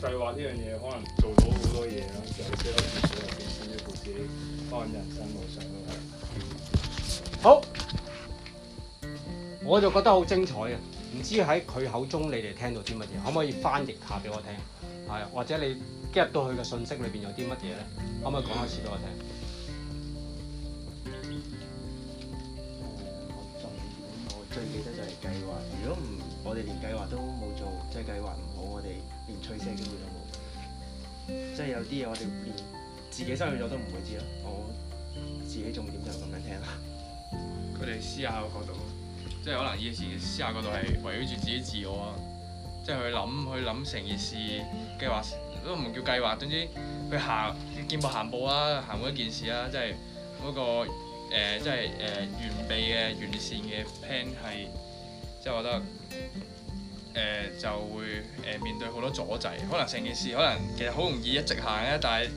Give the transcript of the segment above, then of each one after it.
計劃呢樣嘢可能做到好多嘢咯，就喺呢個故事入邊，甚至乎可能人生路上都係。好，我就覺得好精彩啊！唔知喺佢口中你哋聽到啲乜嘢？可唔可以翻譯下俾我聽？係，或者你 get 到佢嘅信息裏邊有啲乜嘢咧？可唔可以講一次俾我聽？我最我最記得就係計劃，如果唔我哋連計劃都冇做，即係計劃唔好，我哋連取捨嘅機會都冇。即係有啲嘢我哋連自己失去咗都唔會知咯。我自己重點就咁樣聽啦。佢哋思考個角度即係可能以前思考嗰度係圍繞住自己自我，啊，即係去諗去諗成件事計劃都唔叫計劃，總之去行見步行步啊，行每一件事啊，即係嗰、嗰個、呃、即係誒、呃、完備嘅完善嘅 plan 係。即係我覺得誒、呃、就會誒、呃、面對好多阻滯，可能成件事可能其實好容易一直行咧，但係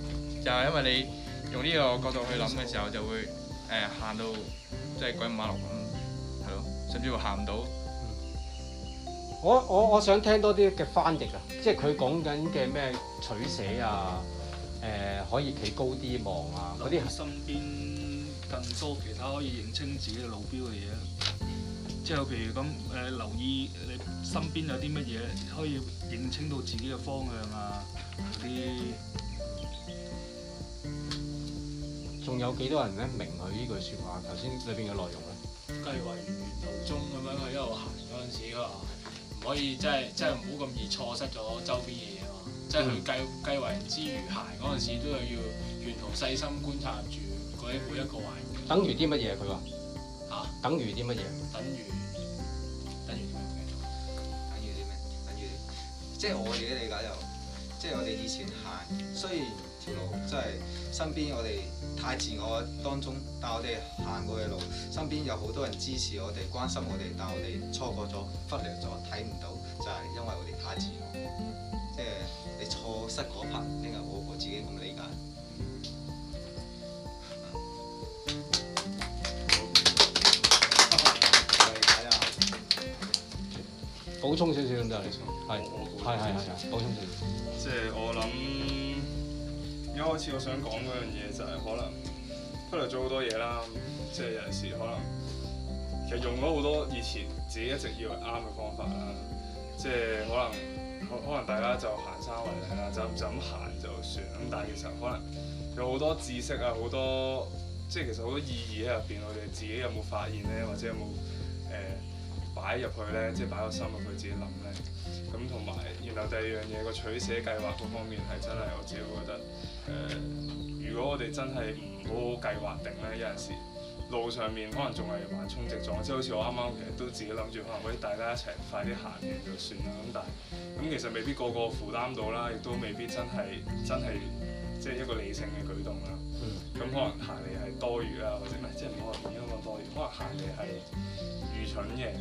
就係因為你用呢個角度去諗嘅時候，就會誒行到即係鬼五馬六咁，係、呃、咯，甚至乎行唔到。是是到我我我想聽多啲嘅翻譯啊，即係佢講緊嘅咩取捨啊，誒、呃、可以企高啲望啊，嗰啲係身邊更多其他可以認清自己嘅路標嘅嘢。即係，譬如咁誒、呃，留意你身邊有啲乜嘢，可以認清到自己嘅方向啊！有啲仲有幾多人咧明佢呢句説話頭先裏邊嘅內容咧？計劃途中咁樣去一路行嗰陣時，佢話唔可以即係即係唔好咁易錯失咗周邊嘅嘢喎。即係佢計計劃之餘行嗰陣時，都係要沿途細心觀察住嗰每一個環境。等住啲乜嘢佢話？等於啲乜嘢？等於等於啲咩？等於即係我哋嘅理解就，即係我哋以前行，雖然條路即係身邊我哋太自我當中，但我哋行過嘅路，身邊有好多人支持我哋、關心我哋，但我哋錯過咗、忽略咗、睇唔到，就係因為我哋太自我。即係你錯失嗰 part。補充少少咁得啦，係係係係，補充少。即係我諗，一開始我想講嗰樣嘢就係、是、可能，忽略咗做好多嘢啦，即係有陣時可能其實用咗好多以前自己一直以為啱嘅方法啦，即、就、係、是、可能可能大家就行山為例啦，就就咁行就算咁，但係其實可能有好多知識啊，好多即係、就是、其實好多意義喺入邊，我哋自己有冇發現咧，或者有冇誒？呃擺入去呢，即係擺個心入去自己諗咧，咁同埋，然後第二樣嘢個取捨計劃嗰方面係真係我自己覺得，呃、如果我哋真係唔好好計劃定呢，有陣時路上面可能仲係橫衝直撞，即係好似我啱啱其實都自己諗住可能揾大家一齊快啲行完就算啦，咁但係咁其實未必個個負擔到啦，亦都未必真係真係。即係一個理性嘅舉動啦，咁、嗯、可能行嚟係多餘啦，或者唔係，即係唔好話變咗咁多餘，可能行嚟係愚蠢嘅，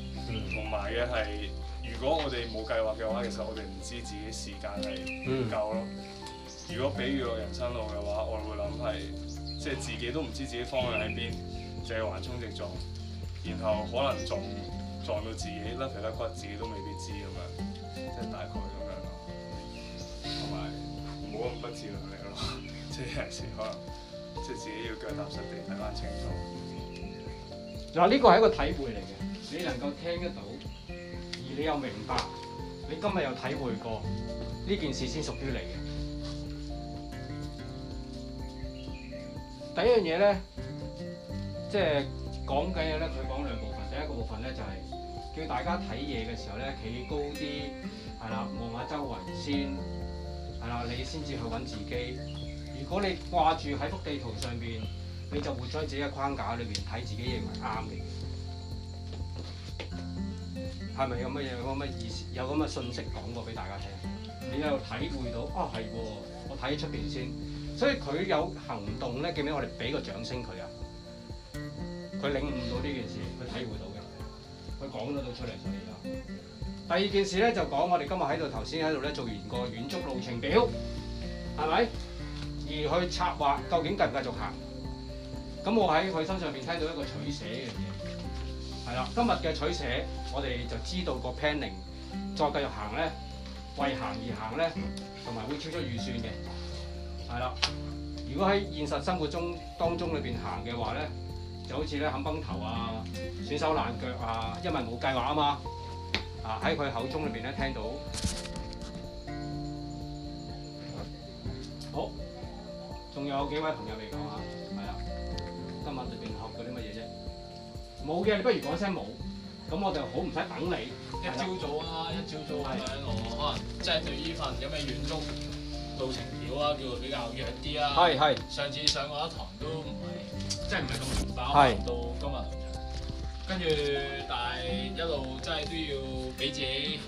同埋嘅係，如果我哋冇計劃嘅話，其實我哋唔知自己時間係唔夠咯。嗯、如果比喻落人生路嘅話，我會諗係即係自己都唔知自己方向喺邊，就係橫衝直撞，然後可能仲撞到自己甩皮甩骨，自己都未必知咁樣，即係大概咁樣咯，同埋。冇咁不自量力咯，即係有時可能即係自己要腳踏實地睇翻清楚。嗱，呢個係一個體會嚟嘅，你能夠聽得到，而你又明白，你今日又體會過呢件事先屬於你嘅。 第一樣嘢咧，即係講緊嘅咧，佢講兩部分，第一個部分咧就係、是、叫大家睇嘢嘅時候咧，企高啲，係啦，望下周圍先。係啦，你先至去揾自己。如果你掛住喺幅地圖上邊，你就活咗自己嘅框架裏邊睇自己認為啱嘅。係咪有乜嘢有乜意思？有咁嘅信息講過俾大家聽？你有體會到啊？係喎，我睇出邊先。所以佢有行動咧，記唔記得我哋俾個掌聲佢啊？佢領悟到呢件事，佢體會到嘅，佢講咗到出嚟所以啊。第二件事咧就講，我哋今日喺度頭先喺度咧做完個遠足路程表，係咪？而去策劃究竟繼唔繼續行？咁我喺佢身上邊聽到一個取捨嘅嘢，係啦。今日嘅取捨，我哋就知道個 planning 再繼續行咧，為行而行咧，同埋會超出，出預算嘅。係啦，如果喺現實生活中當中裏邊行嘅話咧，就好似咧冚崩頭啊、損手爛腳啊，因為冇計劃啊嘛。啊！喺佢口中裏邊咧聽到，好，仲有幾位朋友嚟講嚇，係啊，今日對面學過啲乜嘢啫？冇嘅，你不如講聲冇，咁我就好唔使等你一朝早啊，一朝早咁樣是我可能即係對呢份有咩遠足，路程表啊，叫做比較弱啲啊。係係。上次上過一堂都唔係，即係唔係咁嚴肅，到是今日。跟住，但係一路真係都要俾自己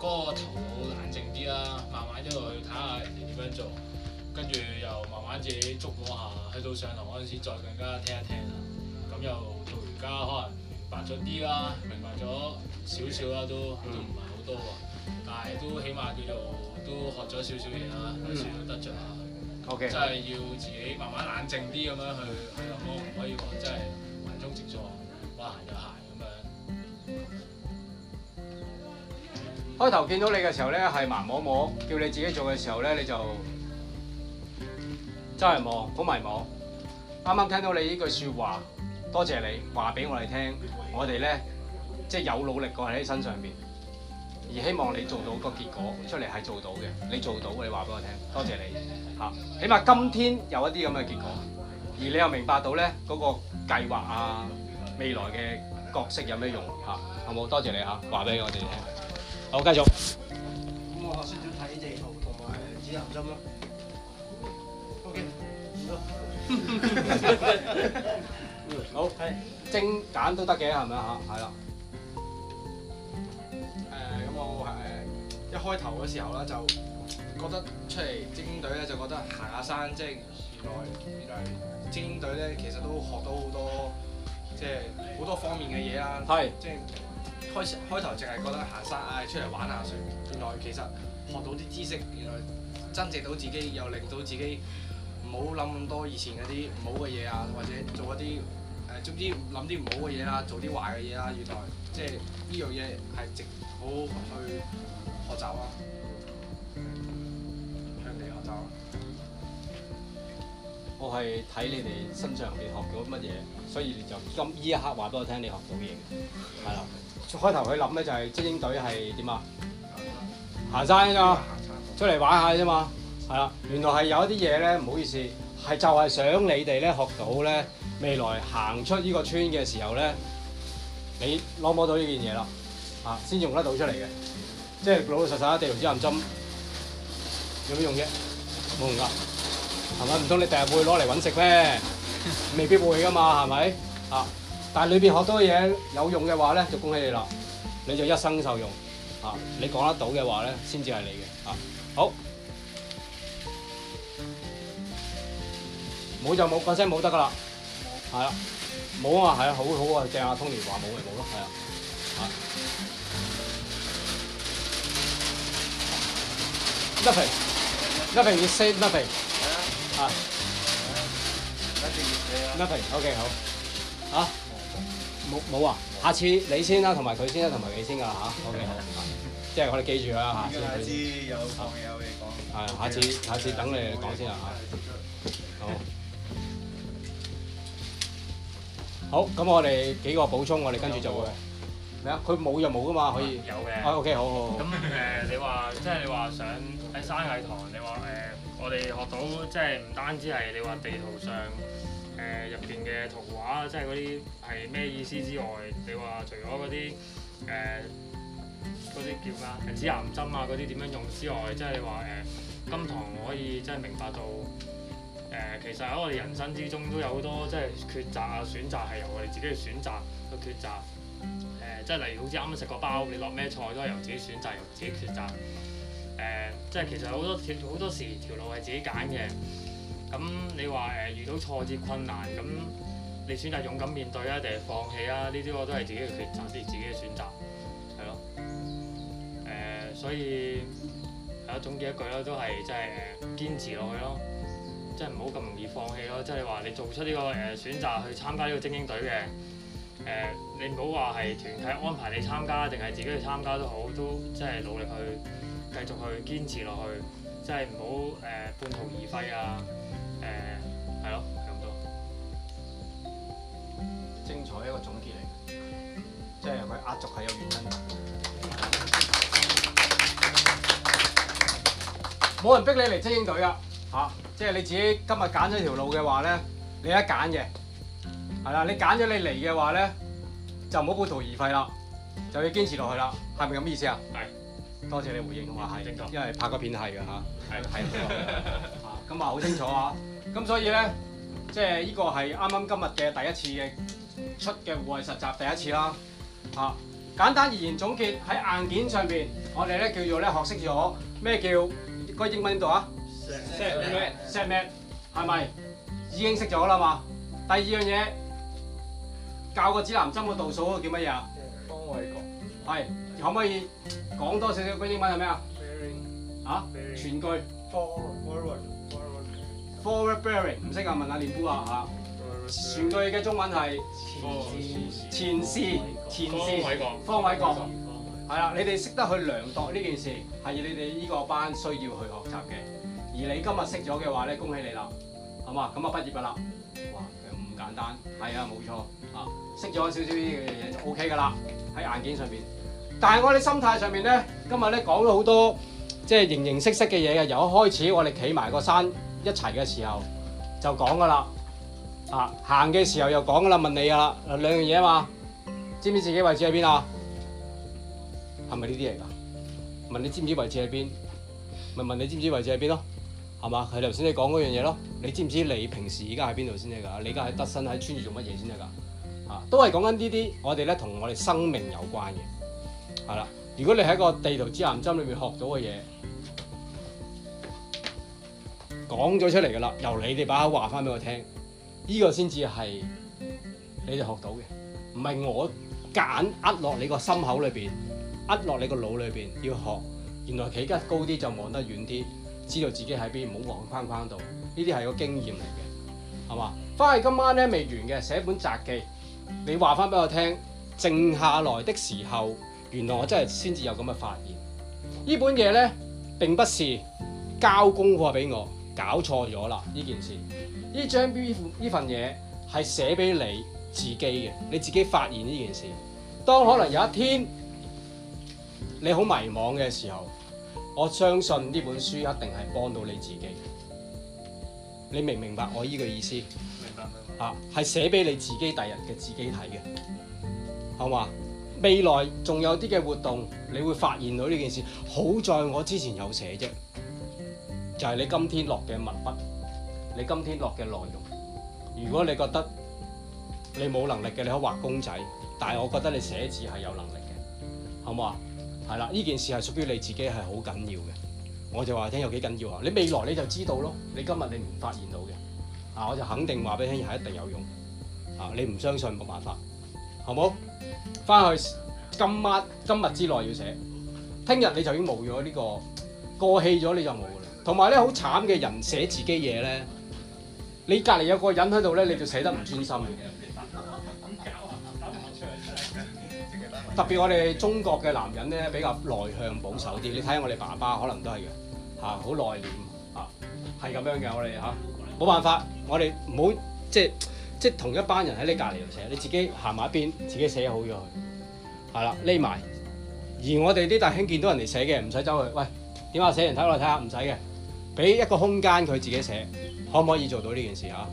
嗰個頭腦冷靜啲啦。慢慢一路去睇下人哋點樣做，跟住又慢慢自己捉摸下。去到上堂嗰陣時，再更加聽一聽啦。咁、嗯嗯、又到而家可能明白咗啲啦，明白咗少少啦，都都唔係好多喎。但係都起碼叫做都學咗少少嘢啦，有少少得着下。O K，、嗯、真係要自己慢慢冷靜啲咁樣去，係咯、嗯，我、okay、唔可以講、嗯、真係橫衝直撞。行咗鞋，開頭見到你嘅時候咧，係盲摸摸；叫你自己做嘅時候咧，你就周圍摸，好迷惘。啱啱聽到你呢句説話，多謝你話俾我哋聽。我哋咧即係有努力過喺身上邊，而希望你做到個結果出嚟係做到嘅。你做到，你話俾我聽，多謝你嚇、啊。起碼今天有一啲咁嘅結果，而你又明白到咧嗰、那個計劃啊。未來嘅角色有咩用嚇？好好？多謝你嚇，話俾我哋聽。好，繼續。咁我學識咗睇地圖同埋指南針咯。O K，唔該。好，精簡都得嘅，係咪啊？係啦。誒，咁、嗯嗯、我誒一開頭嘅時候咧，就覺得出嚟精英隊咧，就覺得行下山即係、就是。原來原來精英隊咧，其實都學到好多。即係好多方面嘅嘢啊！是即係開開頭淨係覺得行山，唉，出嚟玩下算。原來其實學到啲知識，原來增值到自己，又令到自己唔好諗咁多以前嗰啲唔好嘅嘢啊，或者做一啲誒，總之諗啲唔好嘅嘢啦，做啲壞嘅嘢啦。原來即係呢樣嘢係值好好去學習啊！向你學習。我係睇你哋身上邊學咗乜嘢。所以就咁呢一刻話俾我聽，你學到嘢嘅，係啦。開頭佢諗咧就係精英隊係點啊？行山咋嘛？出嚟玩下啫嘛。係啦，原來係有一啲嘢咧，唔好意思，係就係想你哋咧學到咧，未來行出呢個村嘅時候咧，你攞摸到呢件嘢啦，啊，先用得到出嚟嘅，即係老老實實一地龍之暗針有咩用啫？冇用噶，係咪？唔通你第日會攞嚟揾食咩？未必會噶嘛，係咪啊？但係裏邊學多嘢有用嘅話咧，就恭喜你啦，你就一生受用啊！你講得到嘅話咧，先至係你嘅啊！好，冇就冇，把聲冇得噶啦，係啦、啊，冇啊嘛，係啊，好好，好正啊，鄭亞通連話冇就冇咯，係啊，啊，Nothing？Nothing？You say nothing？啊！Nothing. OK. 好嚇，冇冇啊？下次你先啦，同埋佢先啦，同埋你先噶嚇。OK. 好，即係我哋記住啦嚇。下次有講有嘢講。係，下次下次等你講先啊嚇。好。好，咁我哋幾個補充，我哋跟住就會咩啊？佢冇就冇噶嘛，可以。有嘅。啊，OK. 好。咁誒，你話即係你話想喺山藝堂，你話誒？我哋學到即係唔單止係你話地圖上誒、呃、入邊嘅圖畫，即係嗰啲係咩意思之外，你話除咗嗰啲誒嗰啲叫咩啊？指南針啊嗰啲點樣用之外，即係你話誒金堂可以即係明白到誒、呃，其實喺我哋人生之中都有好多即係抉擇啊、選擇係由我哋自己去選擇去抉擇誒，即係例如好似啱啱食個包，你落咩菜都係由自己選擇，由自己抉擇。誒，即係、呃、其實好多條好多時條路係自己揀嘅。咁你話誒、呃、遇到挫折困難，咁你選擇勇敢面對啊，定係放棄啊？呢啲我都係自己嘅抉擇，啲自己嘅選擇係咯。誒、呃，所以係咯，總結一句啦，都係即係堅持落去咯，即係唔好咁容易放棄咯。即係你話你做出呢、呢個誒、呃、選擇去參加呢個精英隊嘅誒、呃，你唔好話係團體安排你參加，定係自己去參加都好，都即係努力去。繼續去堅持落去，即係唔好誒半途而廢啊！誒係咯，咁多精彩一個總結嚟嘅，即係佢壓軸係有原因。冇 人逼你嚟精英隊啊！嚇，即係你自己今日揀咗條路嘅話咧，你一揀嘅係啦。你揀咗你嚟嘅話咧，就唔好半途而廢啦，就要堅持落去啦。係咪咁意思啊？係。多謝你回應，話係，正感因為拍個片係㗎嚇，係係、嗯，咁話好清楚啊。咁所以咧，即係呢個係啱啱今日嘅第一次嘅出嘅戶外實習第一次啦。嚇、啊，簡單而言總結喺硬件上邊，我哋咧叫做咧學識咗咩叫該英文英啊？讀啊石？石咩碑？石咩？係咪已經識咗啦嘛？第二樣嘢教個指南針嘅度數叫乜嘢啊？方位角。係。可唔可以講多少少啲英文係咩啊？啊，全句。For what? For what? For what? Berry 唔識啊？問下連姑啊嚇。全句嘅中文係前前事。方位角。方位角。係啦，你哋識得去量度呢件事係你哋呢個班需要去學習嘅。而你今日識咗嘅話咧，恭喜你啦，好嘛？咁啊畢業噶啦。哇，咁簡單。係啊，冇錯啊，識咗少少呢樣嘢就 OK 噶啦，喺硬件上面。但係我哋心態上面咧，今日咧講咗好多即係形形色色嘅嘢嘅。由一開始我哋企埋個山一齊嘅時候就講噶啦，啊行嘅時候又講噶啦，問你噶啦兩樣嘢啊嘛，知唔知自己位置喺邊啊？係咪呢啲嚟噶？問你知唔知位置喺邊，啊？咪問你知唔知位置喺邊咯？係嘛？係頭先你講嗰樣嘢咯，啊？你知唔知你平時而家喺邊度先得㗎？你而家喺德新，喺村住做乜嘢先得㗎？啊，都係講緊呢啲，我哋咧同我哋生命有關嘅。係啦，如果你喺個地圖指南針裏面學到嘅嘢講咗出嚟嘅啦，由你哋把口話翻俾我聽，呢個先至係你哋學到嘅，唔係我夾硬呃落你個心口裏邊，呃落你個腦裏邊要學。原來企得高啲就望得遠啲，知道自己喺邊，唔好望框框度。呢啲係個經驗嚟嘅，係嘛？翻去今晚咧未完嘅寫本札記，你話翻俾我聽，靜下來的時候。原來我真係先至有咁嘅發現。本呢本嘢咧，並不是交功課俾我搞錯咗啦。呢件事，呢張呢呢份嘢係寫俾你自己嘅，你自己發現呢件事。當可能有一天你好迷惘嘅時候，我相信呢本書一定係幫到你自己。你明唔明白我呢個意思？明白明白，啊，係寫俾你自己第日嘅自己睇嘅，好嘛？未來仲有啲嘅活動，你會發現到呢件事。好在我之前有寫啫，就係、是、你今天落嘅文筆，你今天落嘅內容。如果你覺得你冇能力嘅，你可以畫公仔，但係我覺得你寫字係有能力嘅，好冇啊？係啦，呢件事係屬於你自己係好緊要嘅。我就話聽有幾緊要啊？你未來你就知道咯。你今日你唔發現到嘅，嗱、啊，我就肯定話俾你聽，係一定有用。啊，你唔相信冇辦法，好冇？翻去今晚今日之內要寫，聽日你就已經冇咗呢個過氣咗，你就冇㗎喇。同埋咧，好慘嘅人寫自己嘢咧，你隔籬有個人喺度咧，你就寫得唔專心嘅。特別我哋中國嘅男人咧比較內向保守啲，你睇下我哋爸爸可能都係嘅，吓好內斂啊，係咁、啊、樣嘅我哋吓，冇、啊、辦法，我哋唔好即係。就是即係同一班人喺你隔籬度寫，你自己行埋一邊，自己寫好咗佢，係啦，匿埋。而我哋啲大兄見到人哋寫嘅唔使走去，喂，點啊，寫完睇落嚟睇下，唔使嘅，俾一個空間佢自己寫，可唔可以做到呢件事啊？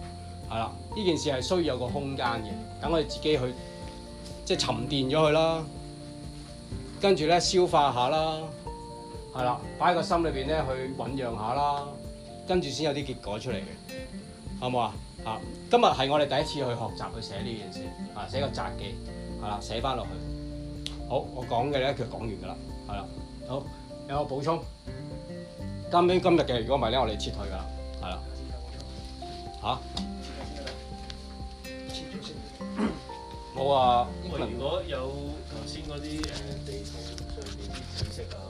係啦，呢件事係需要有個空間嘅，等佢自己去，即係沉澱咗佢啦，跟住咧消化下啦，係啦，擺喺個心裏邊咧去醖釀下啦，跟住先有啲結果出嚟嘅。好冇啊？嚇！今日係我哋第一次去學習去寫呢件事，啊，寫個札記，係啦，寫翻落去。好，我講嘅咧，佢講完㗎啦，係啦。好，有冇補充？咁樣今日嘅如果唔係咧，我哋撤退㗎啦，係啦。嚇？冇啊。如果有頭先嗰啲誒地圖上面啲知識啊。